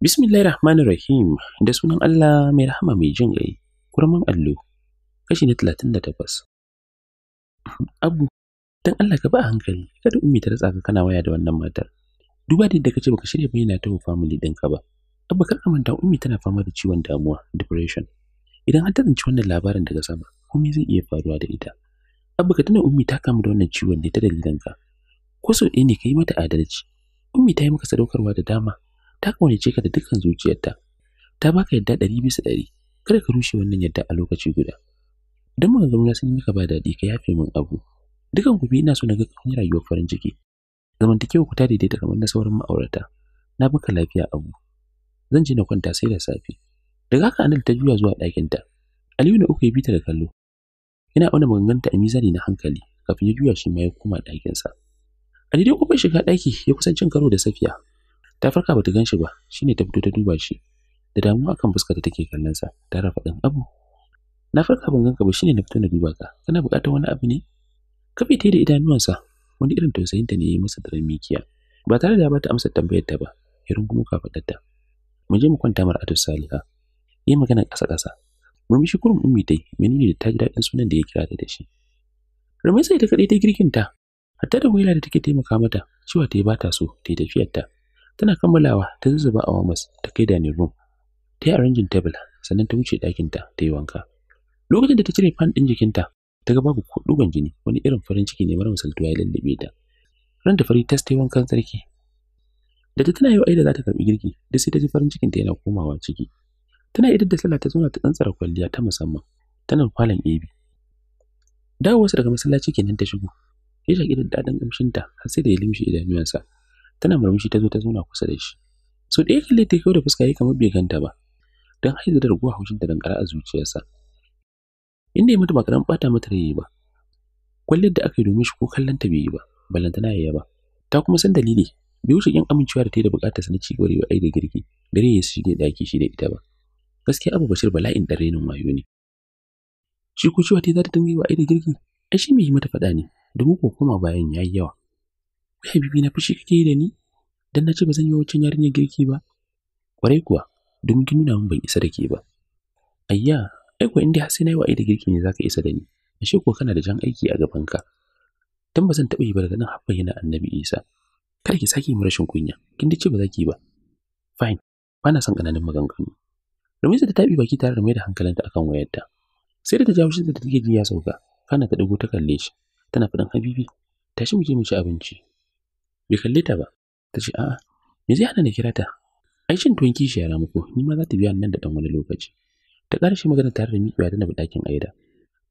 Bismillahir Rahmanir Rahim da sunan Allah mai rahama mai jin ƙai, kurman allo, kashi na talatin da takwas. Abu, don Allah ka ba hankali, kada ummi ta ratsa ka kana waya da wannan matar. Duba da yadda kace baka shirya bayyana ta wa family ka ba. Abba kar manta ummi tana fama da ciwon damuwa, depression. Idan ta tsanci wannan labarin daga sama, komai zai iya faruwa da ita. abu ka tana ummi ta kamu da wannan ciwon ne ta dalilin ka. Ko sau ɗaya ne ka yi mata adalci. Ummi ta yi maka sadaukarwa da dama. Ta kaunace ka da dukkan zuciyarta. Ta baka yadda ɗari bisa ɗari. Kada ka rushe wannan yadda a lokaci guda. Don maganganuna sun yi maka ba daɗi ka yafe min abu. Dukan ku biyu ina so na ga kun yi rayuwar farin ciki. Zamantakewa ku ta daidaita kamar na sauran ma'aurata. Na baka lafiya abu. Zan je na kwanta sai da safe. Daga haka Anil ta juya zuwa ɗakinta. Aliyu na uku ya bi ta da kallo. yana auna maganganta a mizani na hankali kafin ya juya shi ma ya koma ɗakinsa a daidai kofar shiga ɗaki ya kusan cin karo da safiya ta farka bata gan shi ba shine ta fito ta duba shi da damuwa akan fuskar da take kallon sa ta rafa ɗan abu na farka ban ganka ba shine na fito na duba ka kana buƙatar wani abu ne kafe ta da idanuwansa wani irin tausayin ta ne ya yi masa da mikiya ba tare da bata amsa tambayar ta ba ya rungumo ta. mu je mu kwanta mara atus saliha yi magana ƙasa ƙasa murmushi kurum ummi dai, menene da ta ji daɗin sunan da ya kira ta da shi rumaisa ta kaɗai ta girkinta hatta da waila da take taimaka mata cewa ta yi ba so ta yi tafiyarta tana kammalawa ta zuzzuba a wamas ta kai da dining room ta yi arrangin table sannan ta wuce dakin ta yi wanka lokacin da ta cire fan ɗin jikinta ta ga babu ɗugon jini wani irin farin ciki ne mara misaltuwa ya lallabe ta ran da fari tas ta yi wankan sarki da ta tana yi wa aida za ta karbi girki duk sai ta ji farin cikinta yana komawa ciki tana idar da sallah ta zauna ta tsantsara kwalliya ta musamman tana kwalan ebi wasu daga masallaci kenan ta shigo ya shaƙi da daɗin ta har sai da ya limshe idanuwansa tana murmushi ta zo ta zauna kusa da shi so ɗaya kalle ta kyau da fuska ya kamar bai ganta ba don haizu da raguwa ta don ƙara a sa. inda ya mutu ba karan ɓata mata rayi ba kwalliyar da aka yi domin shi ko kallon ta bai yi ba ballantana ya ba. ta kuma san dalili bai wuce ƙin amincewa da ta yi da bukatar na ci gaba da da girki dare ya shige daki shi da ita ba gaskiya abu bashir bala'in dare nan wayo ne shi ko cewa ta za ta dinga yi wa aida girki ai shi mai yi mata faɗa ne domin ko koma bayan ya yi yawa kai bibi na fushi kake yi da ni dan na ce ba zan yi wancan yarinya girki ba kwarai kuwa domin kin nuna min ban isa da ke ba ayya ai ko inda har sai na yi wa aida girki ne zaka isa da ni ashe ko kana da jan aiki a gaban ka? dan ba zan taɓa yi ba daga nan har bayyana annabi isa kada ki sake mu rashin kunya kin dace ba za ki ba fine ba son ƙananan maganganu Ramiza ta tabi baki tare da mai da hankalinta akan wayarta. Sai da ta jawo shi da take ji ya sauka, kana ta dago ta kalle shi, tana faɗin Habibi, tashi mu mu ci abinci. Bai kalle ta ba, ta ce a'a, me zai hana ni kira ta? Ai shin tuwon kishi yara muku, ni ma za ta biya nan da ɗan wani lokaci. Ta ƙara magana tare da miƙewa tana bidakin Aida,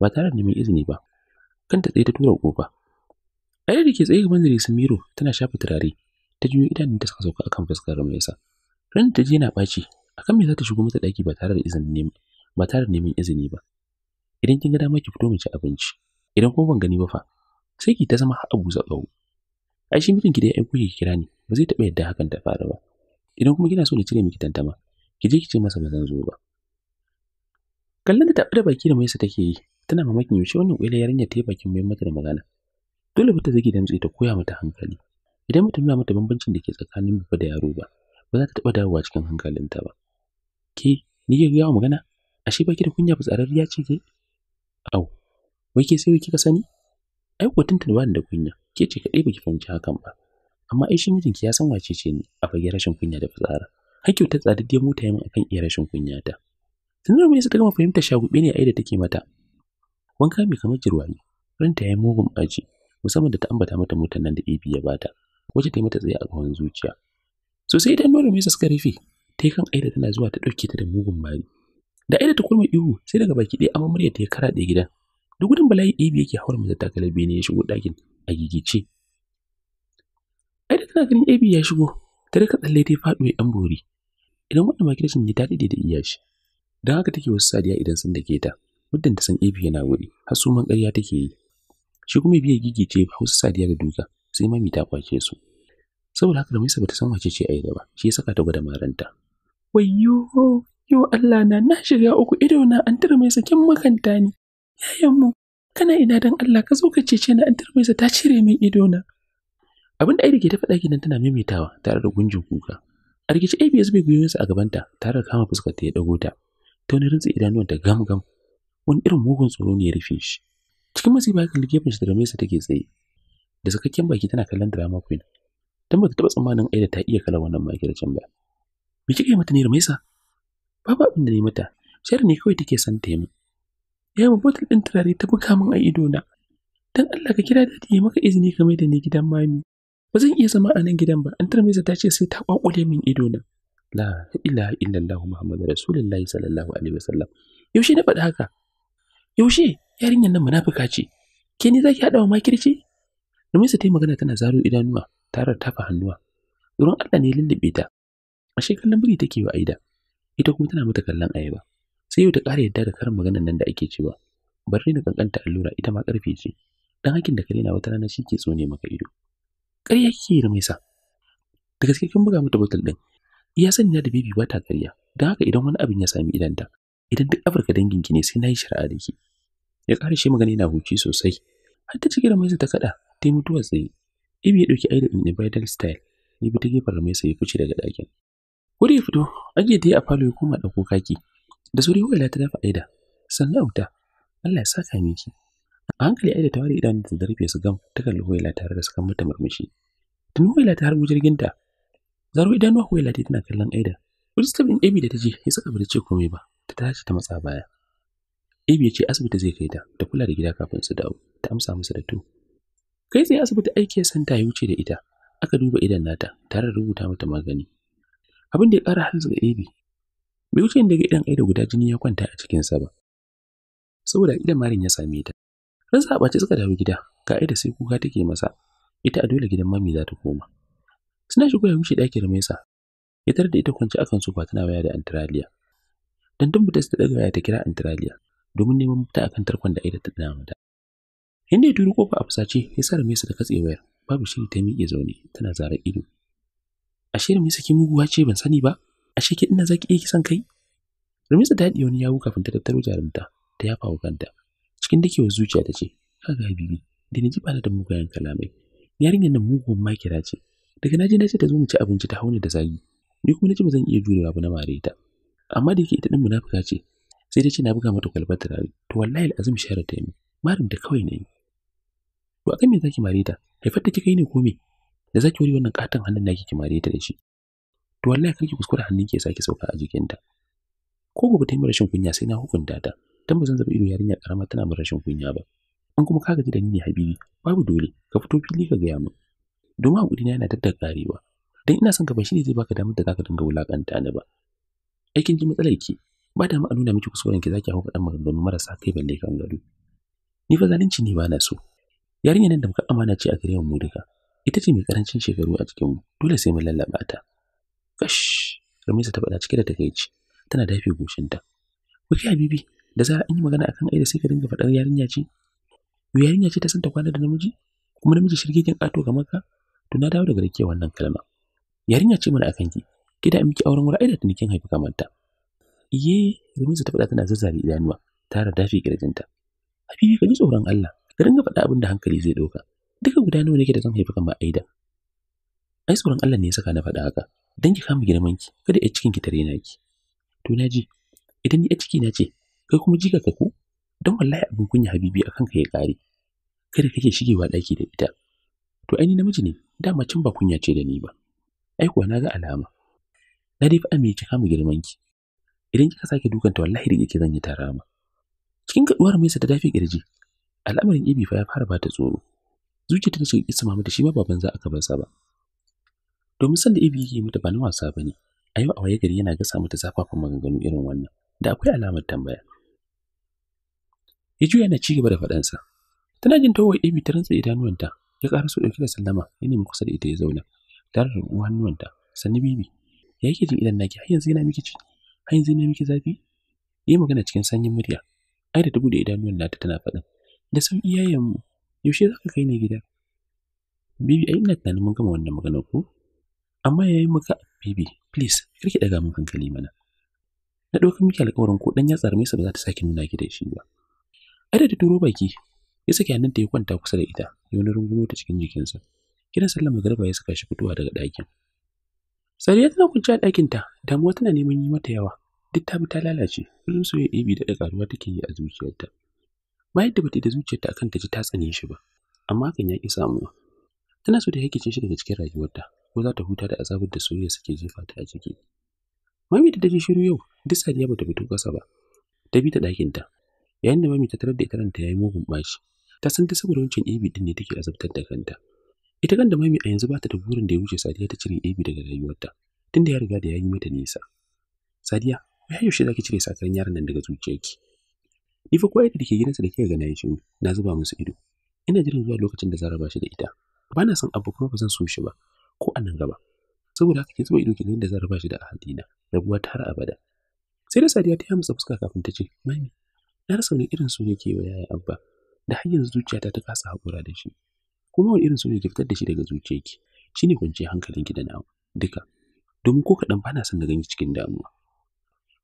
ba tare da neman izini ba. Kanta tsaye ta tura kofa Aida da ke tsaye gaban zare Samiru tana shafa turare, ta juyo idanunta suka sauka akan fuskar Ramisa. Ranta ta je na ɓaci, akan me zaka shigo mata daki ba tare da izinin ba tare da neman izini ba idan kin ga dama ki fito mu ci abinci idan kuma ban gani ba fa sai ki ta zama har abu tsawo ai shi mijinki da ya aiko ki kira ni ba zai taɓa yadda hakan ta faru ba idan kuma kina so na cire miki tantama ki je ki ce masa ba zan zo ba kallon da taɓa da baki da mai sa take yi tana mamakin yaushe wannan ƙwila yarinya ta yi bakin mai mata da magana dole ba ta zage damtse ta koya mata hankali idan mutum na mata bambancin da ke tsakanin babba da yaro ba ba za ta taɓa dawowa cikin hankalinta ba Ke, ni ke gaya magana? Ashe baki da kunya fitsararriya ce ke? Au, wai ke sai kika sani? Ai kuwa tuntun ba da kunya, ke ce kadai baki fahimci hakan ba. Amma ai shi mijinki ya san wace ce ni a fage rashin kunya da fitsara. Har kyauta tsadaddiyar mota yi min akan iya rashin kunya ta. Tunar mai ta gama fahimta shagube ne ai da take mata. Wanka mai kamar jirwani ranta ya yi mugun aji, musamman da ta ambata mata motar nan da Ibi ya bata, wacce ta yi mata tsaye a gaban zuciya. Sosai idan Nora sa suka rufe, ta yi kan aida tana zuwa ta ɗauke ta da mugun mari da aida ta kurma ihu sai daga baki ɗaya amma murya ta ya karaɗe gidan da gudun bala'i ibi yake hawar mata takalar bene ya shigo ɗakin a gigice aida tana ganin ibi ya shigo ta rika tsalle ta faɗo ya ambori bori idan wannan sun yi daɗe da iyashi shi don haka take wasu sadiya idan sun ke ta muddin ta san ibi yana wuri har su man ƙarya take yi shi kuma biya gigice wasu sadiya da duka sai mami ta kwace su saboda haka da Maisa bata san wace ce Aida ba shi ya saka ta gwada maranta wayyo yo Allah na na shirya uku ido na an mai sakin makanta ne yayan mu kana ina dan Allah ka zo ka cece ni an mai sa ta cire min ido na abin da ai ke ta faɗa gidan tana maimaitawa tare da gunjin kuka a rikici ABS bai gwiwinsa a gabanta tare da kama fuskar ta ya dago ta ta wani rintsi idanuwan ta gam gam wani irin mugun tsoro ne ya rufe shi cikin masifa ya kalli gefen shi da sa take tsaye da sakakken baki tana kallon drama queen dan bata taba tsammanin aida ta iya kala wannan makircin ba Me kike mata ne Rumaisa? Babu abin da ne mata, shar ne kawai take son ta yi min. Ya yi botul ɗin turare ta buga min a ido na. Dan Allah ka kira dadi ya maka izini ka da ni gidan mami. Ba zan iya zama a nan gidan ba, an Rumaisa ta ce sai ta kwakule min ido na. La ilaha illallah Muhammadu Rasulullahi sallallahu alaihi wasallam. Yaushe na faɗi haka? Yaushe yarinyar nan munafuka ce. Ke ni zaki haɗa wa makirci? Rumaisa ta yi magana tana zaro idanuwa, tarar tafa hannuwa. Ruwan Allah ne lullube ta, ashe kallon biri take wa aida ita kuma tana mata kallon ayaba sai yau ta ƙara yadda da karin maganar nan da ake cewa barni da kankanta allura ita ma ƙarfe ce dan hakin da kare na wata rana shi ke tsone maka ido ƙarya kike yi mai sa da gaske kin buga mata botul din iya sani na da bibi ba ta ƙarya don haka idan wani abin ya sami idanta idan duk afirka dangin ki ne sai nayi shari'a da ki ya ƙara shi magana yana huci sosai har ta ci gira mai ta kada ta yi mutuwar tsaye ibi ya ɗauki aida in bridal style ibi ta gefen mai sai ya fice daga ɗakin kuri fito, ajiye ta yi a falo ya koma ɗauko kaki. Da sauri Huwaila ta dafa Aida, sannan auta, Allah ya saka miki. A hankali Aida ta ware da ta rufe su gam ta kalli Huwaila tare da sakan mata murmushi. Tun Huwaila ta harbo jirginta, zaro idanuwa Huwaila ta tana kallon Aida. Rijistar sabbin Ebi da ta je ya saka bata ce komai ba, ta tashi ta matsa baya. Ebi ya ce asibiti zai kai ta, ta kula da gida kafin su dawo, ta amsa musu da to. Kai tsaye asibiti aiki ya santa ya wuce da ita, aka duba idan nata tare da rubuta mata magani abin da ya ƙara hanzu ga Ebi. Bai wuce daga idan Aida guda jini ya kwanta a cikinsa ba, saboda idan marin ya same ta. Ran sa ɓace suka dawo gida, ga Aida sai kuka take masa, ita a dole gidan mami za ta koma. Suna shigo ya wuce ɗakin Rumesa, ya tarar da ita kwance akan sofa tana waya da Antaraliya. Dan tabbata ta daga waya ta kira Antaraliya domin neman mafita akan tarkon da Aida ta dana mata. Inda ya turi kofa a fusace ya sa Rumesa ta katse wayar, babu shiri ta miƙe zaune tana zara ido. ashe Rumisa ke muguwa ce ban sani ba ashe ke ina zaki iya kisan kai Rumisa ta wani yawo kafin ta tattaro jarumta ta yafa wa kanta cikin dakewar zuciya ta ce ga habibi da ni ji bana da mugayen kalamai yarinyar nan muguwan makira ce daga na ce ta zo mu ci abinci ta hauna da zagi ni kuma nace ba zan iya jurewa ba na mare ta amma da yake ita din munafuka ce sai ta ce na buga mata kwalbar turare to wallahi azum share ta yi marin da kawai ne yi to akan me zaki mare ta haifar ta kika yi ne ko me da zaki wuri wannan katon hannun naki ki mare ta da shi to wallahi karki kuskura hannun ki ya sake sauka a jikinta ko gobe ta yi rashin kunya sai na hukunta ta dan ba zan zaba ido yarinya karama tana min rashin kunya ba in kuma ka gaji da ni ne habibi babu dole ka fito fili ka gaya min domin hakuri na yana tattaka karewa dan ina son ka ba ne zai baka damar da zaka dinga wulakanta ni ba aikin ji matsalar ki ba da mu a nuna miki kuskuren ki zaki hau dan maganganu marasa kai balle kan gado ni fa zalunci ne ba na so yarinya nan da muka amana ce a gare mu duka ita ce mai karancin shekaru a cikinmu dole sai mu lallaba ta kash ramisa ta faɗa cike da takeici tana dafe goshinta kuke habibi da zara an yi magana akan aida sai ka dinga faɗar yarinya ce yo yarinya ce ta san ta kwana da namiji kuma namiji shirgegen ato ga maka? to na dawo daga rike wannan kalma yarinya ce mana akan ki ki da miki auren wura aida da haifi kamar ta iye ramisa ta faɗa tana zazzare idanuwa tara dafe kirjinta habibi ka ji tsoron Allah ka dinga faɗa abin da hankali zai ɗauka duka guda nawa nake da zan haifi kamar aida ai tsoron Allah ne ya saka na faɗa haka dan ki kama girman ki kada ya cikin ki tare na ki to naji idan ni a ciki na ce kai kuma jika ka ku? dan wallahi abin kunya habibi akan ka ya kare kada kake wa daki da ita to ai ni namiji ne dama can ba kunya ce da ni ba ai kuwa na ga alama na dai fa mai ki kama girman ki idan kika sake dukanta wallahi da kike zan yi tarama cikin kaduwar mai sa ta dafi kirji al'amarin ibi fa ya fara bata tsoro zuciya ta shiga kisa mata shi ma baban za a kabar sa ba domin san da ibi ke mata ba na wasa bane a yau a waye gari yana gasa mata zafafan maganganu irin wannan da akwai alamar tambaya ya juya yana ci gaba da sa tana jin tawo ibi ta rantsa idanuwanta ya ƙara so ɗauke da sallama ya nemi kusa da ita ya zauna tare da hannuwanta sannu bibi ya yake jin idan naki har yanzu yana miki ci har yanzu yana miki zafi yi magana cikin sanyin murya ai da dubu da idanuwan nata tana faɗin da sauƙi yayan mu yaushe za ka kai ni gida? Bibi, ai ina tunanin mun gama wannan magana ko? Amma ya yi maka Bibi, please, kar ki ɗaga min hankali mana. Na ɗaukar miki alƙawarin ko ɗan yatsar sa ba za ta sake nuna ki shi ba. Ada da turo baki, ya hannun hannunta ya kwanta kusa da ita, ya wani rungumo ta cikin jikinsa. Kiran sallar magariba ya saka shi fitowa daga ɗakin. Sariya tana kwanciya a ɗakinta, damuwa tana neman yi mata yawa, duk ta bi ta lalace, kullum soyayya ibi da ƙaruwa take yi a zuciyarta. ba yadda bata da zuciyarta akan ta ji ta tsane shi ba amma hakan ya ƙi samuwa tana so ta hakice shi daga cikin rayuwarta ko za ta huta da azabar da soyayya suke jefa ta a ciki mami da ta ji shiru yau duk sadiya bata fito kasa ba ta bi ta ɗakin ta yayin da mami ta tarar da ita ranta ya yi mugun ɓaci ta san ta saboda wancan ebi din ne take azabtar da kanta ita kan da mami a yanzu bata ta da burin da ya wuce sadiya ta cire ebi daga rayuwarta tunda ya riga da ya yi mata nisa sadiya ya yaushe za ki cire sakarin yaron nan daga zuciyarki Ni fa ko da ke gidansa da kika ga nayi shiru, na zuba musu ido. Ina jiran zuwa lokacin da zan raba shi da ita. Ba na son abu kuma ba zan so shi ba, ko a nan gaba. Saboda haka ke zuba ido kenan da zan raba shi da ahadina, rabuwa ta har abada. Sai da Sadiya ta yi masa fuska kafin ta ce, Mami, na rasa wani irin so yake wa yaya Abba, da har yanzu zuciyata ta kasa haƙura da shi. Kuma wani irin so ne ke fitar da shi daga zuciyarki, shi ne kwanciyar hankalin da nawa, duka. Domin ko kaɗan ba na son na ganki cikin damuwa.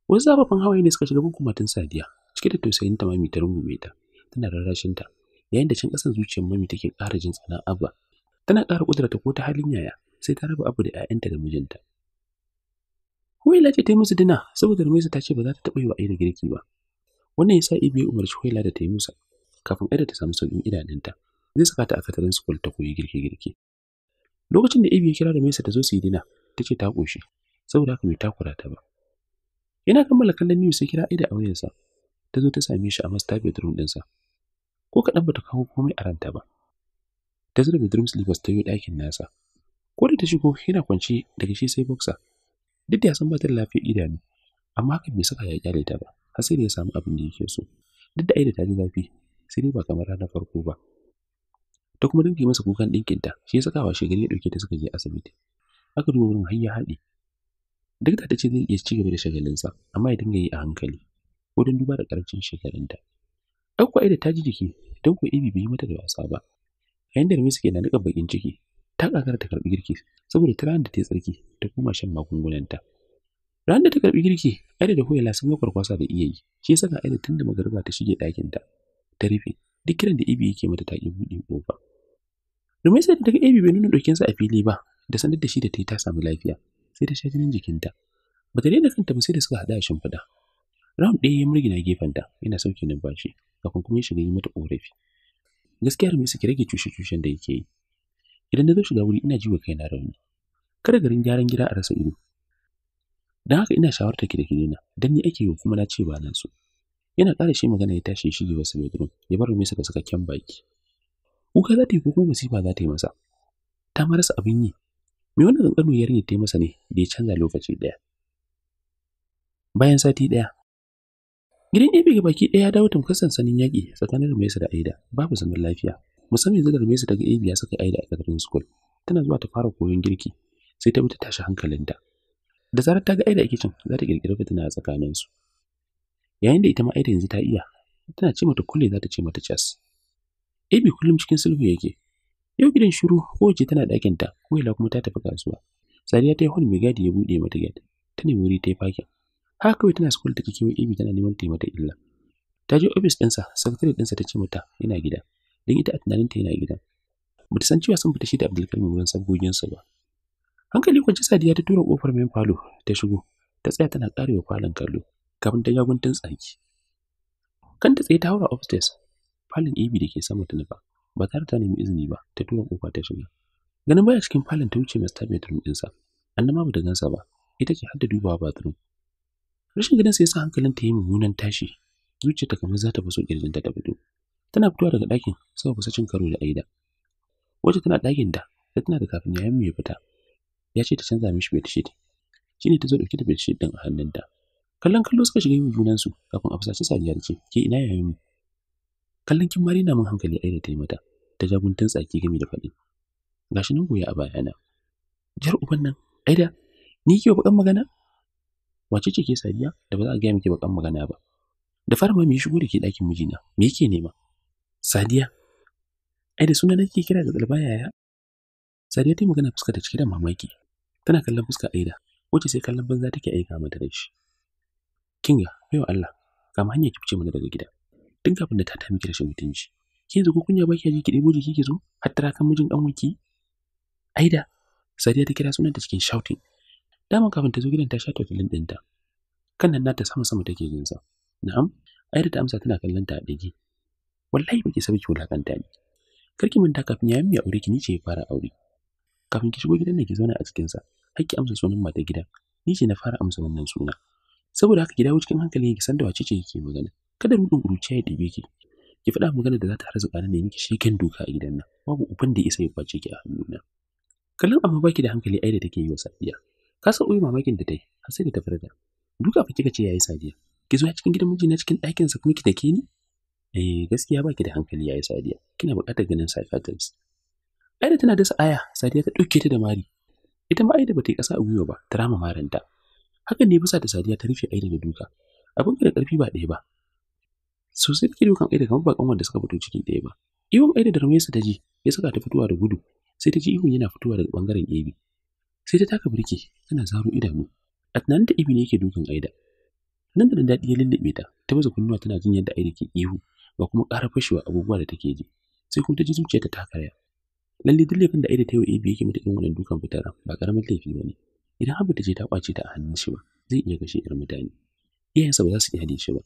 Wasu zafafan hawaye ne suka shiga bukumatan Sadiya, Cike da tausayin ta mami ta rungume ta, tana rarrashin ta, yayin da cin ƙasan zuciyar mami take ƙara jin tsanan abba. Tana ƙara ƙudurta ko ta halin yaya, sai ta raba abu da 'ya'yanta da mijinta. Huwaila ce ta yi musu dina saboda Rumaisa ta ce ba za ta taɓa yi wa Aida girki ba. Wannan ya sa Ibi ya umarci Huwaila da ta yi musa kafin Aida ta samu sauƙin idanunta. Zai saka ta a katarin sukul ta koyi girke-girke. Lokacin da Ibi ya kira Rumaisa ta zo su yi dina, ta ce ta ƙoshi saboda haka bai takura ta ba. Yana kammala kallon Niyu sai kira Aida a wayarsa ta zo ta same shi a master bedroom ɗinsa. Ko kaɗan ta kawo komai a ranta ba. Ta zo da bedroom slippers ta yi ɗakin nasa. Ko da ta shigo yana kwance daga shi sai boxer. Duk da ya san ba da lafiyar idanu, amma haka bai saka ya kyale ta ba, har sai da ya samu abin da yake so. Duk da aida ta ji zafi, sai dai ba kamar ranar farko ba. Ta kuma dinga masa kukan ɗinkinta, shi ya saka wa gari ya ɗauke ta suka je asibiti. Aka duba wurin har ya haɗe, duk da ta ce zai iya ci gaba da shagalinsa amma ya dinga yi a hankali ko duba da ƙarancin shekarunta. Ɗan da ta ji jiki don kuwa Ibi bai yi mata da wasa ba. Yayin da Ramisu ke na niƙa baƙin ciki, ta ƙaƙara ta karɓi girki saboda ta ranar da ta yi tsarki ta koma shan magungunanta. Ranar da ta karɓi girki, Aida da Huwaila sun yi kwarkwasa da iya yi, shi ya saka Aida tun da magariba ta shige ɗakinta. Ta rufe, duk kiran da Ibi yake mata ta ƙi buɗe ƙofa. sai da ga Ibi bai nuna ɗokinsa a fili ba, da sanar da shi da ta yi ta samu lafiya, sai ta sha jinin jikinta. Ba ta daina kanta ba sai da suka haɗa a shimfiɗa, Ram ɗaya ya murgina gefen ta, yana sauke numfashi kafin kuma ya shiga yi mata ƙorafi. Gaskiya Ramisa ki rage cushe-cushen da yake yi. Idan na zo shiga wuri ina ji wa kaina rauni. Kada garin gyaran gida a rasa ido. Don haka ina shawarta ki da ki daina don ni ake yi kuma na ce ba nan so. Yana ƙara shi magana ya tashi ya shige wasu bedroom ya bar Ramisa da sakakken baki. Kuka za ta yi ko kuma masifa za ta yi masa. Ta marasa abin yi. Me wannan ƙanƙanuwar yarinya ta yi masa ne da ya canza lokaci ɗaya. Bayan sati ɗaya, Gidan Ebi ga baki ɗaya ya dawo tamkar sansanin yaƙi tsakanin Rumesa da Aida, babu zaman lafiya. Musamman yanzu da Rumesa ta ga Ebi ya saka Aida a ƙarƙashin school, tana zuwa ta fara koyon girki, sai ta bi ta tashi hankalin ta. Da zarar ta ga Aida a kicin, za ta ƙirƙiri fitina a tsakaninsu. Yayin da ita ma Aida yanzu ta iya, tana ce mata kulle za ta ce mata cas. Ebi kullum cikin sulhu yake. Yau gidan shiru kowace tana ɗakinta, kowace kuma ta tafi kasuwa. Sadiya ta yi hon mai gadi ya buɗe mata gate, ta nemi wuri ta yi fakin. haka kawai tana school da kake wai tana neman ta mata illa ta je office ɗinsa sakatare ɗinsa ta ce mata yana gida don ita a tunanin ta yana gida ba ta san cewa sun fita shi da abdulkarmi wurin sabgoginsa ba hankali kwance sadiya ta tura kofar main falo ta shigo ta tsaya tana karewa falon kallo kafin ta guntun tsaki kan ta tsaye ta haura upstairs falon ibi da ke sama ta nufa ba tare ta nemi izini ba ta tura kofa ta shiga ganin baya cikin falon ta wuce master bedroom ɗinsa annama ba ta gansa ba ita ce har dubawa bathroom rashin gidansa ya sa hankalin ta yi mummunan tashi zuciyarta kamar za ta faso kirjinta ta fito tana fitowa daga ɗakin sama kusa cin karo da aida wacce tana ɗakin da ta tana da kafin yayin ya fita ya ce ta canza mishi bedsheet shi ne ta zo ɗauki da bedsheet ɗin a hannunta kallon kallo suka shiga yin junansu kafin a fusaci sa da ce ke ina yayin mu kallon kin mari na mun hankali aida ta yi mata ta ja guntun tsaki game da faɗi gashi nan goya a bayana jar uban nan aida ni ke bakan magana wace ce ke sadiya da ba za a gaya miki bakan magana ba da fara ma shigo da ke ɗakin mijina me yake nema sadiya ai da sunan nake kira ga tsalba yaya sadiya ta yi magana fuska ta cike da mamaki tana kallon fuska aida wace sai kallon banza take aika mata da shi kinga wa Allah kama hanya ki fice mana daga gida tun kafin da ta ta miki rashin mutunci ke yanzu ko kunya ba ki ji ki ɗebo jiki ki zo har tara kan mijin ɗan waki aida sadiya ta kira sunan ta cikin shouting Daman kafin ta zo gidan ta sha ɗin ɗinta. Kan nan nata sama sama take jin sa. Na'am, Aida ta amsa tana kallon ta a ɗage. Wallahi baki sabi ki wulakanta ni. ki manta kafin ya ya aure ki ni ce ya fara aure. Kafin ki shigo gidan da ki zauna a cikin sa, ki amsa sunan mata gida. Ni ce na fara amsa wannan suna. Saboda haka ki dawo cikin hankali ki san da wace ce yake magana. Kada ruɗin kuruciya ya ɗibe ki. Ki faɗa magana da za ta harzuka ne miki sheken doka a gidan nan. Babu uban da isa ya kwace ki a hannuna. Kallon amma baki da hankali da take yi wa Safiya. Ka san uyi mamakin da ta yi, har sai da ta farga. Duka fa kika ce yayi sadiya. Ki zo cikin gidan na cikin ɗakin sa kuma ki take ni? Eh, gaskiya baki da hankali yayi sadiya. Kina buƙatar ganin psychiatrist. Aida tana dasa aya, sadiya ta ɗauke ta da mari. Ita ma Aida bata yi ƙasa a gwiwa ba, ta rama maranta. Hakan ne bisa da sadiya ta rufe Aida da duka. Abin da ƙarfi ba ɗaya ba. Sosai take dukan Aida kamar baƙon wanda suka fito cikin ɗaya ba. Iwon Aida da ramesa ta ji, ya saka ta fitowa da gudu, sai ta ji ihun yana fitowa daga ɓangaren Ebi. sai ta taka birki tana zaro idanu A da Ibi ne yake dukan Aida nan da daɗi ya lullube ta ta baza kunnuwa tana jin yadda Aida ke ihu ba kuma ƙara fashewa abubuwa da take ji sai kuma ta ji zuciyarta ta karya. lalle duk laifin da Aida ta yi wa Ibi yake mata irin wannan dukan fitara ba karamin laifi ba ne idan har ta je ta kwace ta a hannun shi ba zai iya kashe irin mutane iyayensa ba za su iya shi ba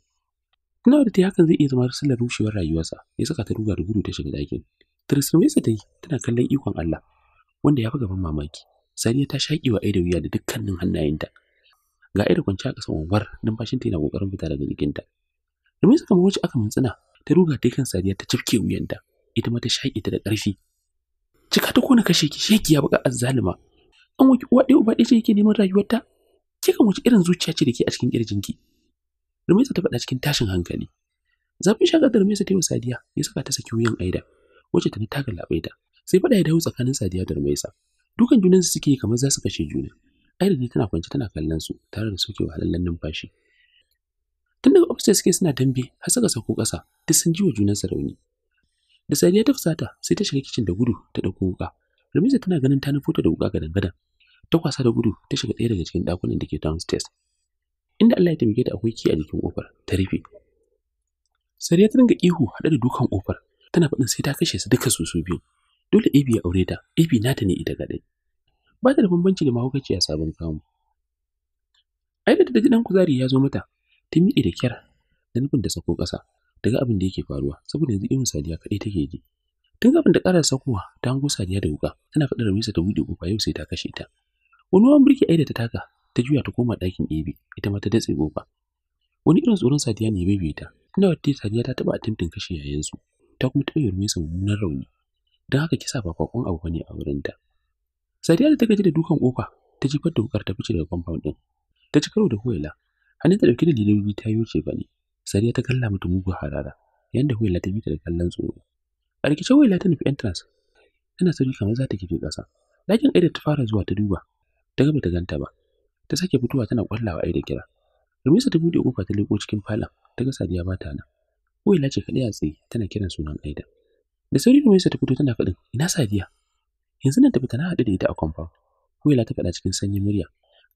Tunawa da ta hakan zai iya zama sallar rushewar rayuwarsa, ya saka ta ruga da gudu ta shiga ɗakin. Tirisirwesa ta yi tana kallon ikon Allah, wanda ya fi gaban mamaki. Sadiya ta shaƙi wa Aida wuya da dukkanin hannayenta. Ga Aida kwanci a ƙasa wawar numfashinta yana ƙoƙarin fita daga jikinta. Domin suka kamar wacce aka mintsina ta ruga ta kan Saniya ta cifke wuyanta ita ma ta shaƙe ta da ƙarfi. Cika ta kona kashe ki sheki ya baka azzalima. An wuki uwa ɗaya uba ɗaya ce yake neman rayuwarta. Kika kan irin zuciya ce da ke a cikin ki? Rumesa ta faɗa cikin tashin hankali. Zafin shagar da Rumesa ta yi wa Sadiya ya saka ta saki wuyan Aida. wacce ta ni labe ta sai fada ya dawo tsakanin Sadiya da Rumaisa dukan junansu suke kamar za su kashe juna aida ne tana kwance tana kallon su tare da soke halallan numfashi tun daga upstairs suke suna dambe har suka sauko ƙasa duk sun ji wa junansa rauni da sariya ta fusata sai ta shiga kicin da gudu ta ɗauko wuƙa rumiza tana ganin ta nufo ta da wuƙa gadan gadan ta kwasa da gudu ta shiga ɗaya daga cikin ɗakunan da ke downstairs inda Allah ya taimake ta akwai ki a jikin ƙofar ta rufe sariya ta dinga ihu haɗe da dukan ƙofar tana faɗin sai ta kashe su duka su su biyu Dole Ebi ya aure ta, Ebi nata ne ita kadai. Ba ta da bambanci da mahaukaci a sabon kamu. Ai da ta ji dan kuzari ya zo mata, ta miƙe da kyar da nufin da sako ƙasa, daga abin da yake faruwa, saboda yanzu irin sadiya kaɗai take ji. Tun kafin da ƙara sakowa, ta hango sadiya da wuƙa, tana faɗa da ta buɗe ƙofa yau sai ta kashe ta. Wani wawan birki ai da ta taka, ta juya ta koma ɗakin Ebi, ita ma ta datse ƙofa. Wani irin tsoron sadiya ne ya bebe ta, tana wata sadiya ta taɓa atintin kashe yayansu, ta kuma taɓa yi mummunan rauni. don haka kisa ba kwakwan abu bane a wurin ta. Sadiya da ta gaji da dukan kofa ta jifar da wukar ta fice daga compound din. Ta ci karo da Huwaila, hannun ta dauke da lilobi ta yi wuce bane. Sadiya ta kalla mata mugu harara, yanda Huwaila ta bi da kallon tsoro. A rikice Huwaila ta nufi entrance, tana sauri kamar za ta kife ƙasa. Lakin Aida ta fara zuwa ta duba, ta gaba ta ganta ba. Ta sake fitowa tana kwallawa Aida kira. Rumisa ta buɗe kofa ta liko cikin falon, ta ga Sadiya bata ta nan. Huwaila ce kaɗai a tsaye tana kiran sunan Aida. da sauri rumaisa ta fito tana faɗin ina sadiya yanzu nan ta fita na haɗu da ita a compound huwaila ta faɗa cikin sanyin murya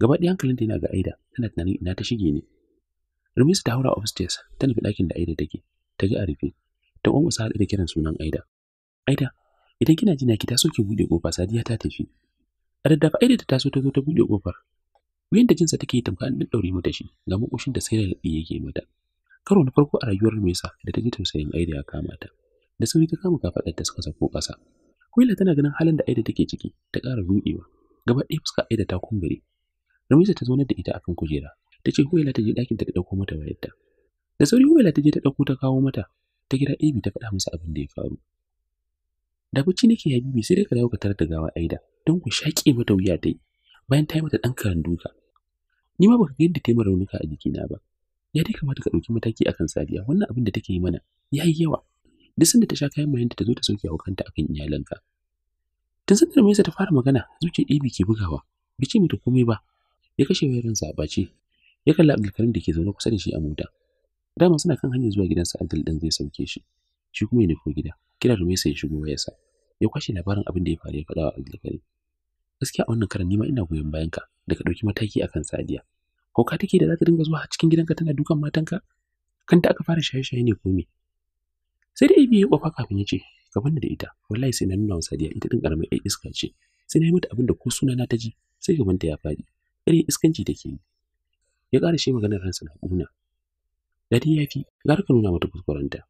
gaba ɗaya hankalin da yana ga aida tana tunanin ina ta shige ne rumaisa ta haura upstairs ta nufi ɗakin da aida take ta ji a rufe ta ƙwanƙwasa haɗu da kiran sunan aida aida idan kina jina ki taso ki buɗe ƙofa sadiya ta tafi a daddafa aida ta taso ta zo ta buɗe ƙofar wuyan da jinsa take yi tamka an ɗaɗɗaure mata shi ga makoshin da sai da yake mata karo na farko a rayuwar Mesa da ta ji tausayin aida ya kama ta da sauri ta kama kafaɗar ta suka sako ƙasa Kuila tana ganin halin da Aida take ciki ta ƙara ruɗewa gaba ɗaya fuska Aida ta kumbure Ramisa ta zaunar da ita akan kujera ta ce Huwaila ta je ɗakin ta ɗauko mata wayarta da sauri Huwaila ta je ta ɗauko ta kawo mata ta kira ebi ta faɗa masa abin da ya faru da bacci nake bibi sai dai ka dawo ka tarar da gawa Aida don ku shaƙe mata wuya ta yi bayan ta yi mata ɗan karan duka ni ma baka ga yadda ta yi raunuka a jikina ba ya dai kamata ka ɗauki mataki akan Sadiya wannan abin da take yi mana ya yi yawa duk sanda ta sha kayan mayanta ta zo ta sauke kanta akan iyalanka tun sanda Maisa ta fara magana zuciyar ɗibi ke bugawa bai ce mata komai ba ya kashe wayarsa a bace ya kalli Abdulkarim da ke zaune kusa da shi a mota dama suna kan hanyar zuwa gidansa Abdul dan zai sauke shi shi kuma ya nufo gida kira da Maisa ya shigo wayarsa ya kwashe labarin abin da ya faru ya faɗa wa Abdulkarim gaskiya a wannan karan nima ina goyon bayanka da ka ɗauki mataki akan Sadiya ko ka take da za ta dinga zuwa cikin gidanka tana dukan matanka kanta aka fara shaye-shaye ne ko me sai da ibi ya kofa kafin ya ce ka da ita wallahi sai na nuna wa sadiya ita din karamin ai iska ce sai na yi mata abin da ko suna na ta ji sai gabanta ya faɗi irin iskanci take yi ya ƙara shi maganar ransa na ƙuna da ya fi "Gar ka nuna mata kuskurenta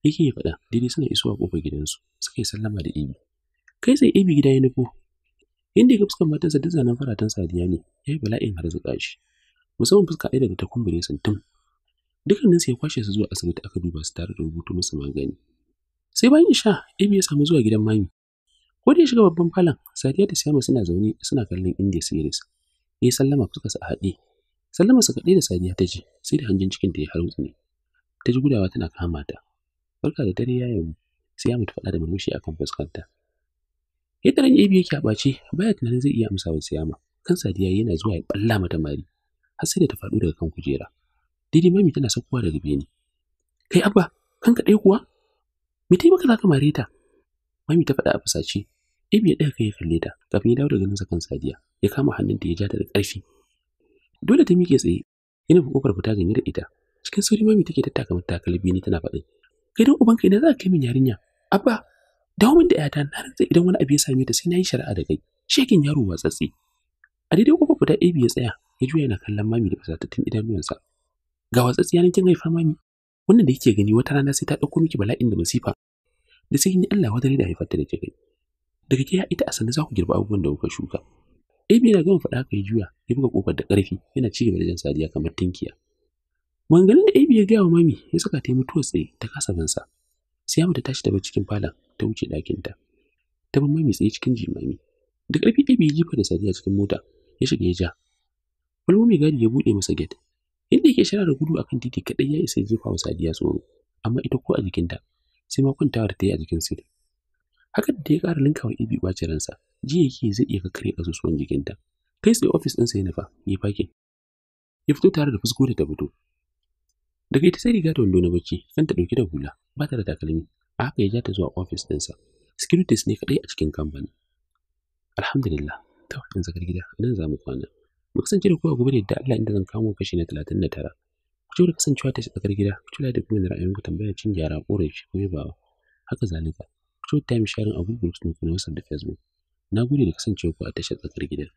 yake ya faɗa daidai suna isuwa kofar gidansu suka yi sallama da ibi kai sai ibi gida ya nufo inda ga fuskar matansa duk zanen faratan sadiya ne ya yi bala'in zuƙa shi musamman fuska ɗaya da ta kumbure sun tun dukkaninsu ya kwashe su zuwa asibiti aka duba su tare da rubutu musu magani sai bayan isha ibi ya samu zuwa gidan mami ko da ya shiga babban falon sadiya da siyama suna zaune suna kallon india series ya sallama suka sa a haɗe sallama su kaɗai da sadiya ta ji sai da hanjin cikin cikinta ya harutsu ne ta ji gudawa tana kama ta barka da dare ya yamu ya ta faɗa da murmushi akan fuskanta yadda ran ibi yake a ɓace baya tunanin zai iya amsa wa siyama kan sadiya yana zuwa ya ɓalla mata mari har sai da ta faɗo daga kan kujera daidai mami tana saukowa daga bene kai abba kanka ɗaya kuwa me ta yi maka zaka mare ta mami ta faɗa a fusace. ibi ya ɗaya kai ya kalle ta kafin ya dawo da nan kan sadiya ya kama hannunta ya ja ta da ƙarfi dole ta miƙe tsaye yana kofar fita gani da ita cikin sauri mami take tattaka mata takalmi bene tana faɗi kai uban ubanka idan za ka kai min yarinya abba dawo min da ƴata na rantsa idan wani abu ya same ta sai na yi shari'a da kai shekin yaro watsatsi a daidai kofar fita ibi ya tsaya ya juya yana kallon mami da fasatattun idanuwansa ga watsatsiya nan kin haifa mami wannan da yake gani wata rana sai ta dauko miki bala'in da musifa da sai ni Allah wadare da haifar ta da kike daga kiya ita a sanda za ku girba abubuwan da kuka shuka Abi na gama faɗa haka ya juya ya buga kofar da ƙarfi yana ci gaba da jan sadiya kamar tinkiya Maganganun da Abi ya gaya wa mami ya saka ta yi mutuwar tsaye ta kasa bansa sai ya mata tashi ta bar cikin falon ta wuce ɗakinta ta bar mami tsaye cikin jimami da ƙarfi ɗaya ya jifa da sadiya cikin mota ya shiga ya ja wani gadi ya buɗe masa gate inda yake shara da gudu akan titi kaɗai ya isa jefa wa Sadiya tsoro, amma ita ko a jikinta sai ma kwantawa da ta yi a jikin Sadiya. Haka da ya ƙara wa Ibi ɓacin ransa, ji yake zai iya kakkare ƙasusuwan jikinta. Kai tsaye ofis ɗinsa ya nufa, ya fakin. Ya fito tare da fusko da ta fito. Daga ita sai riga da wando na bacci, kan ta ɗauki da hula, ba ta da takalmi, a haka ya ja ta zuwa ofis ɗinsa. Securities ne kaɗai a cikin kamfani. Alhamdulillah, ta wajen zakar gida, nan za mu kwana. Mu kasance da ku a gobe da yadda Allah inda zan kawo kashi na talatin da tara. Ku ci kasancewa ta tsakar gida, ku ci da kuma ra'ayinku tambaya cin gyara ƙorafi ko yabawa. Haka zalika, ku ci time sharing a Google Groups na WhatsApp da Facebook. Na gode da kasancewa ku a tashar tsakar gida.